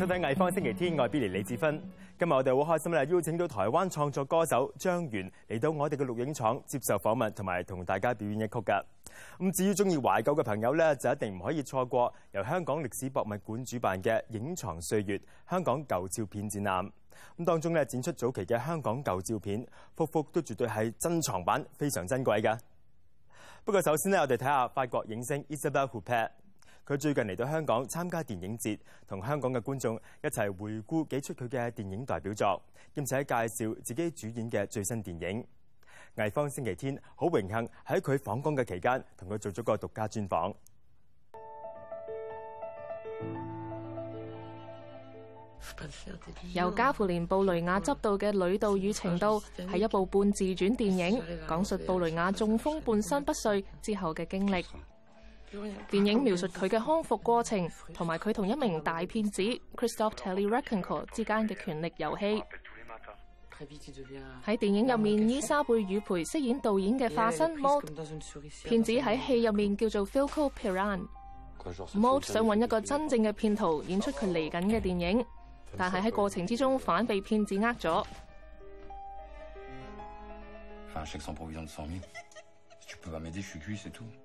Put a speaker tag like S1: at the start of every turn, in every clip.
S1: 收睇藝方星期天，我係 Billy 李智芬。今日我哋好開心咧，邀請到台灣創作歌手張懸嚟到我哋嘅錄影廠接受訪問，同埋同大家表演一曲嘅。咁至於中意懷舊嘅朋友呢，就一定唔可以錯過由香港歷史博物館主辦嘅《影藏歲月：香港舊照片展覽》。咁當中咧展出早期嘅香港舊照片，幅幅都絕對係珍藏版，非常珍貴嘅。不過首先呢，我哋睇下法國影星 Isabelle Huppert。佢最近嚟到香港參加電影節，同香港嘅觀眾一齊回顧幾出佢嘅電影代表作，兼且介紹自己主演嘅最新電影《魏方星期天》。好榮幸喺佢訪港嘅期間，同佢做咗個獨家專訪。
S2: 由
S3: 加芙蓮·布雷亞執導嘅《女導與情刀》係一部半自傳電影，講述布雷亞中風半身不遂之後嘅經歷。電影描述佢嘅康復過程，同埋佢同一名大騙子 Christophe Tellerenko 之間嘅權力遊戲。
S4: 喺
S3: 電影入面，伊莎貝與培飾演導演嘅化身 Maud，騙子喺戲入面叫做 Vilko Piran。
S4: Maud
S3: 想揾一個真正嘅騙徒演出佢嚟緊嘅電影，但係喺過程之中反被騙子呃咗。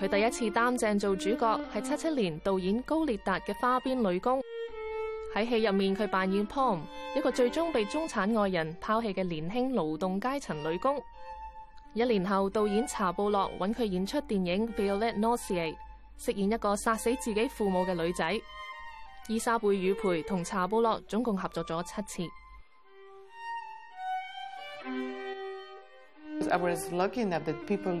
S3: 佢第一次擔正做主角係七七年導演高列達嘅《花邊女工》，喺戲入面佢扮演 Pom，一個最終被中產愛人拋棄嘅年輕勞動階層女工。一年後，導演查布洛搵佢演出電影《Violette Nozière》，飾演一個殺死自己父母嘅女仔。伊莎貝與培同查布
S4: 洛總共合作咗七次。I was lucky enough
S2: that
S4: people.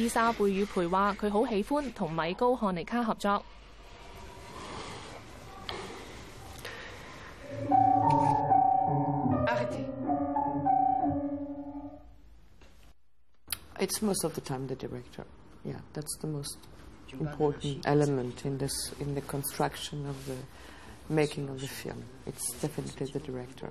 S3: 伊莎貝雨蓓話：佢好喜歡同米高漢尼卡合作。
S4: It's most of the time the director. Yeah, that's the most important element in this, in the construction of the making of the film. It's definitely the director.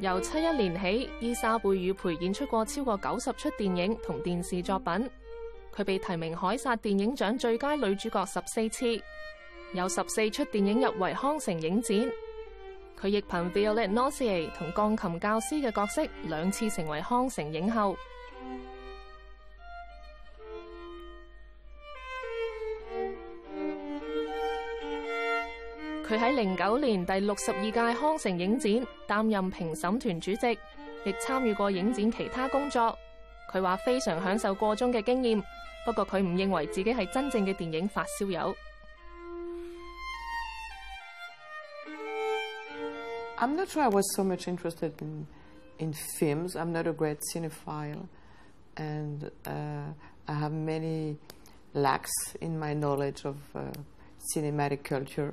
S3: 由七一年起，伊莎貝爾培演出過超過九十齣電影同電視作品，佢被提名凱撒電影獎最佳女主角十四次，有十四齣電影入圍康城影展，佢亦憑《Violette Nozière》同鋼琴教師嘅角色兩次成為康城影后。佢喺零九年第六十二屆康城影展擔任評審團主席，亦參與過影展其他工作。佢話非常享受個中嘅經驗，不過佢唔認為自己係真正嘅電影發燒友。
S4: I'm not sure I was so much interested in, in films. I'm not a great cinephile. And, uh, I have many lacks in my knowledge of, uh, cinematic culture.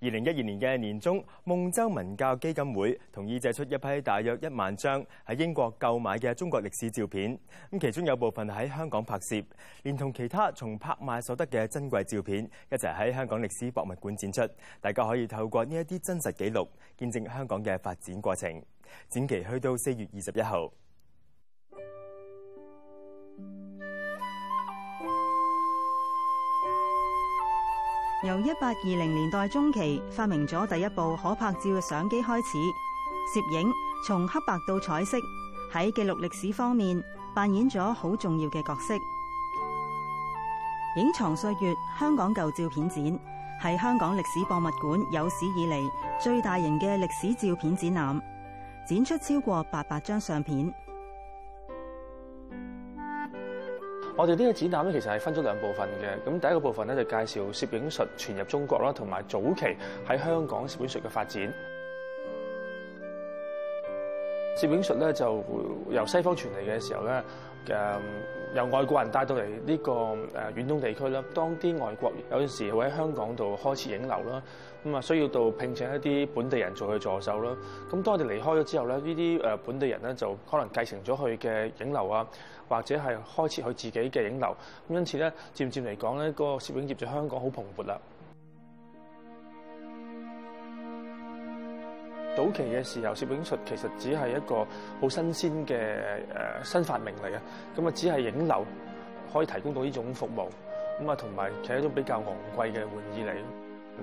S1: 二零一二年嘅年中，孟州文教基金會同意借出一批大約一萬張喺英國購買嘅中國歷史照片，咁其中有部分喺香港拍攝，連同其他從拍賣所得嘅珍貴照片一齊喺香港歷史博物館展出，大家可以透過呢一啲真實記錄，見證香港嘅發展過程。展期去到四月二十一號。
S5: 由一八二零年代中期發明咗第一部可拍照嘅相機開始，攝影從黑白到彩色，喺記錄歷史方面扮演咗好重要嘅角色。影藏歲月香港舊照片展係香港歷史博物館有史以嚟最大型嘅歷史照片展覽，展出超過八百張相片。
S6: 我哋呢個展覽咧，其實係分咗兩部分嘅。咁第一個部分咧，就介紹攝影術傳入中國啦，同埋早期喺香港攝影術嘅發展。攝影術咧就由西方傳嚟嘅時候咧。誒、嗯、由外國人帶到嚟呢個誒遠東地區啦，當啲外國有陣時會喺香港度開始影樓啦，咁啊需要到聘請一啲本地人做佢助手啦。咁當佢哋離開咗之後咧，呢啲本地人咧就可能繼承咗佢嘅影樓啊，或者係開設佢自己嘅影樓。咁因此咧，漸漸嚟講咧，個攝影業在香港好蓬勃啦。早期嘅時候，攝影術其實只係一個好新鮮嘅誒新發明嚟嘅，咁啊只係影樓可以提供到呢種服務，咁啊同埋其實一種比較昂貴嘅玩意嚟。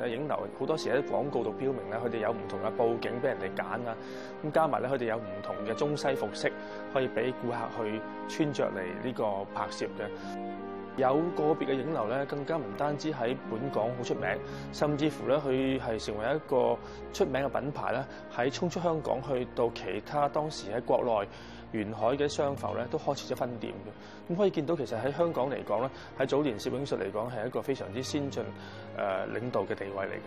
S6: 影樓好多時喺廣告度標明咧，佢哋有唔同嘅佈景俾人哋揀啊，咁加埋咧佢哋有唔同嘅中西服飾可以俾顧客去穿着嚟呢個拍攝嘅。有個別嘅影樓咧，更加唔單止喺本港好出名，甚至乎咧佢係成為一個出名嘅品牌咧。喺衝出香港去到其他當時喺國內沿海嘅商埠咧，都開設咗分店嘅。咁可以見到，其實喺香港嚟講咧，喺早年攝影術嚟講係一個非常之先進誒領導嘅地位嚟嘅。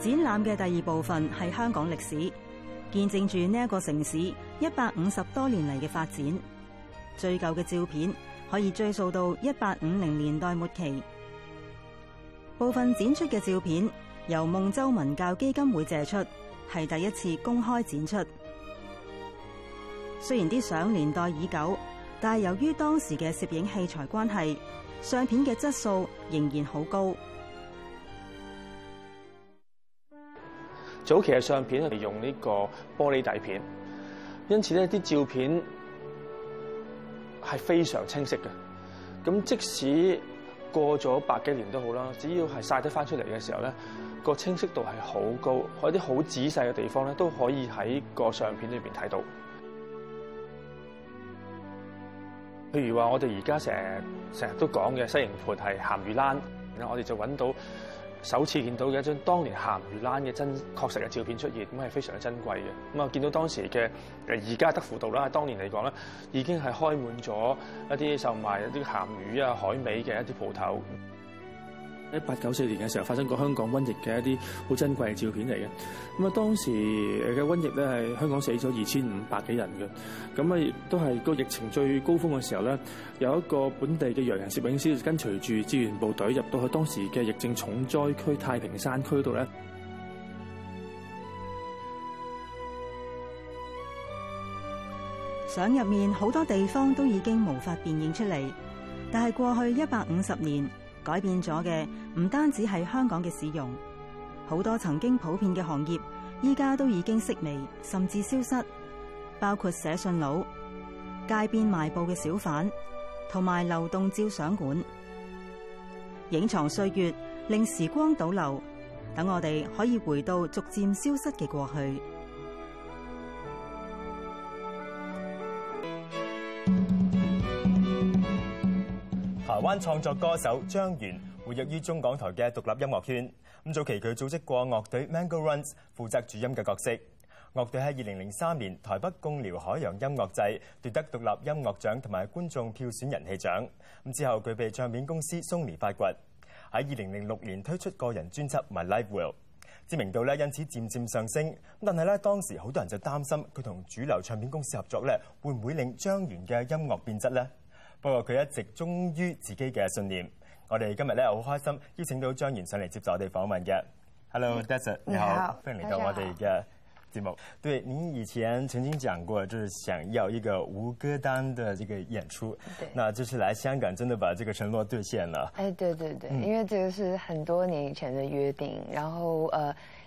S5: 展覽嘅第二部分係香港歷史，見證住呢一個城市一百五十多年嚟嘅發展，最舊嘅照片。可以追溯到一八五零年代末期，部分展出嘅照片由孟州文教基金會借出，係第一次公開展出。雖然啲相年代已久，但係由於當時嘅攝影器材關係，相片嘅質素仍然好高。
S6: 早期嘅相片係用呢個玻璃底片，因此呢啲照片。係非常清晰嘅，咁即使過咗百幾年都好啦，只要係晒得翻出嚟嘅時候咧，個清晰度係好高，喺啲好仔細嘅地方咧都可以喺個相片裏邊睇到。譬如話，我哋而家成日成日都講嘅西營盤係鹹魚欄，然後我哋就揾到。首次見到嘅一張當年鹹魚欄嘅真確實嘅照片出現，咁係非常之珍貴嘅。咁啊，見到當時嘅誒而家德輔道啦，當年嚟講咧，已經係開滿咗一啲售賣一啲鹹魚啊、海味嘅一啲鋪頭。一八九四年嘅時候發生過香港瘟疫嘅一啲好珍貴嘅照片嚟嘅。咁啊當時嘅瘟疫咧，係香港死咗二千五百幾人嘅。咁啊亦都係個疫情最高峰嘅時候咧，有一個本地嘅洋人攝影師跟隨住志願部隊入到去當時嘅疫症重災區太平山區度咧，
S5: 相入面好多地方都已經無法辨認出嚟，但係過去一百五十年。改變咗嘅唔單止係香港嘅市容，好多曾經普遍嘅行業，依家都已經式微甚至消失，包括寫信佬、街邊賣報嘅小販同埋流動照相館，影藏歲月，令時光倒流，等我哋可以回到逐漸消失嘅過去。
S1: 台灣創作歌手張懸活躍於中港台嘅獨立音樂圈。咁早期佢組織過樂隊 Mango Runs，負責主音嘅角色。樂隊喺二零零三年台北貢寮海洋音樂祭奪得獨立音樂獎同埋觀眾票選人氣獎。咁之後佢被唱片公司 Sony 發掘，喺二零零六年推出個人專輯 My Life Will，知名度咧因此漸漸上升。但係咧當時好多人就擔心佢同主流唱片公司合作咧，會唔會令張懸嘅音樂變質呢？不過佢一直忠於自己嘅信念。我哋今日咧、嗯、好開心邀請到張懸上嚟接受我哋訪問嘅。Hello，Deserts，你好，歡迎嚟到我哋嘅節目。對，您以前曾經講過，就是想要一個無歌單嘅這個演出對，那就是來香港真的把這個承諾兌現了。
S7: 哎，對對對，嗯、因為這個是很多年以前的約定，然後，呃。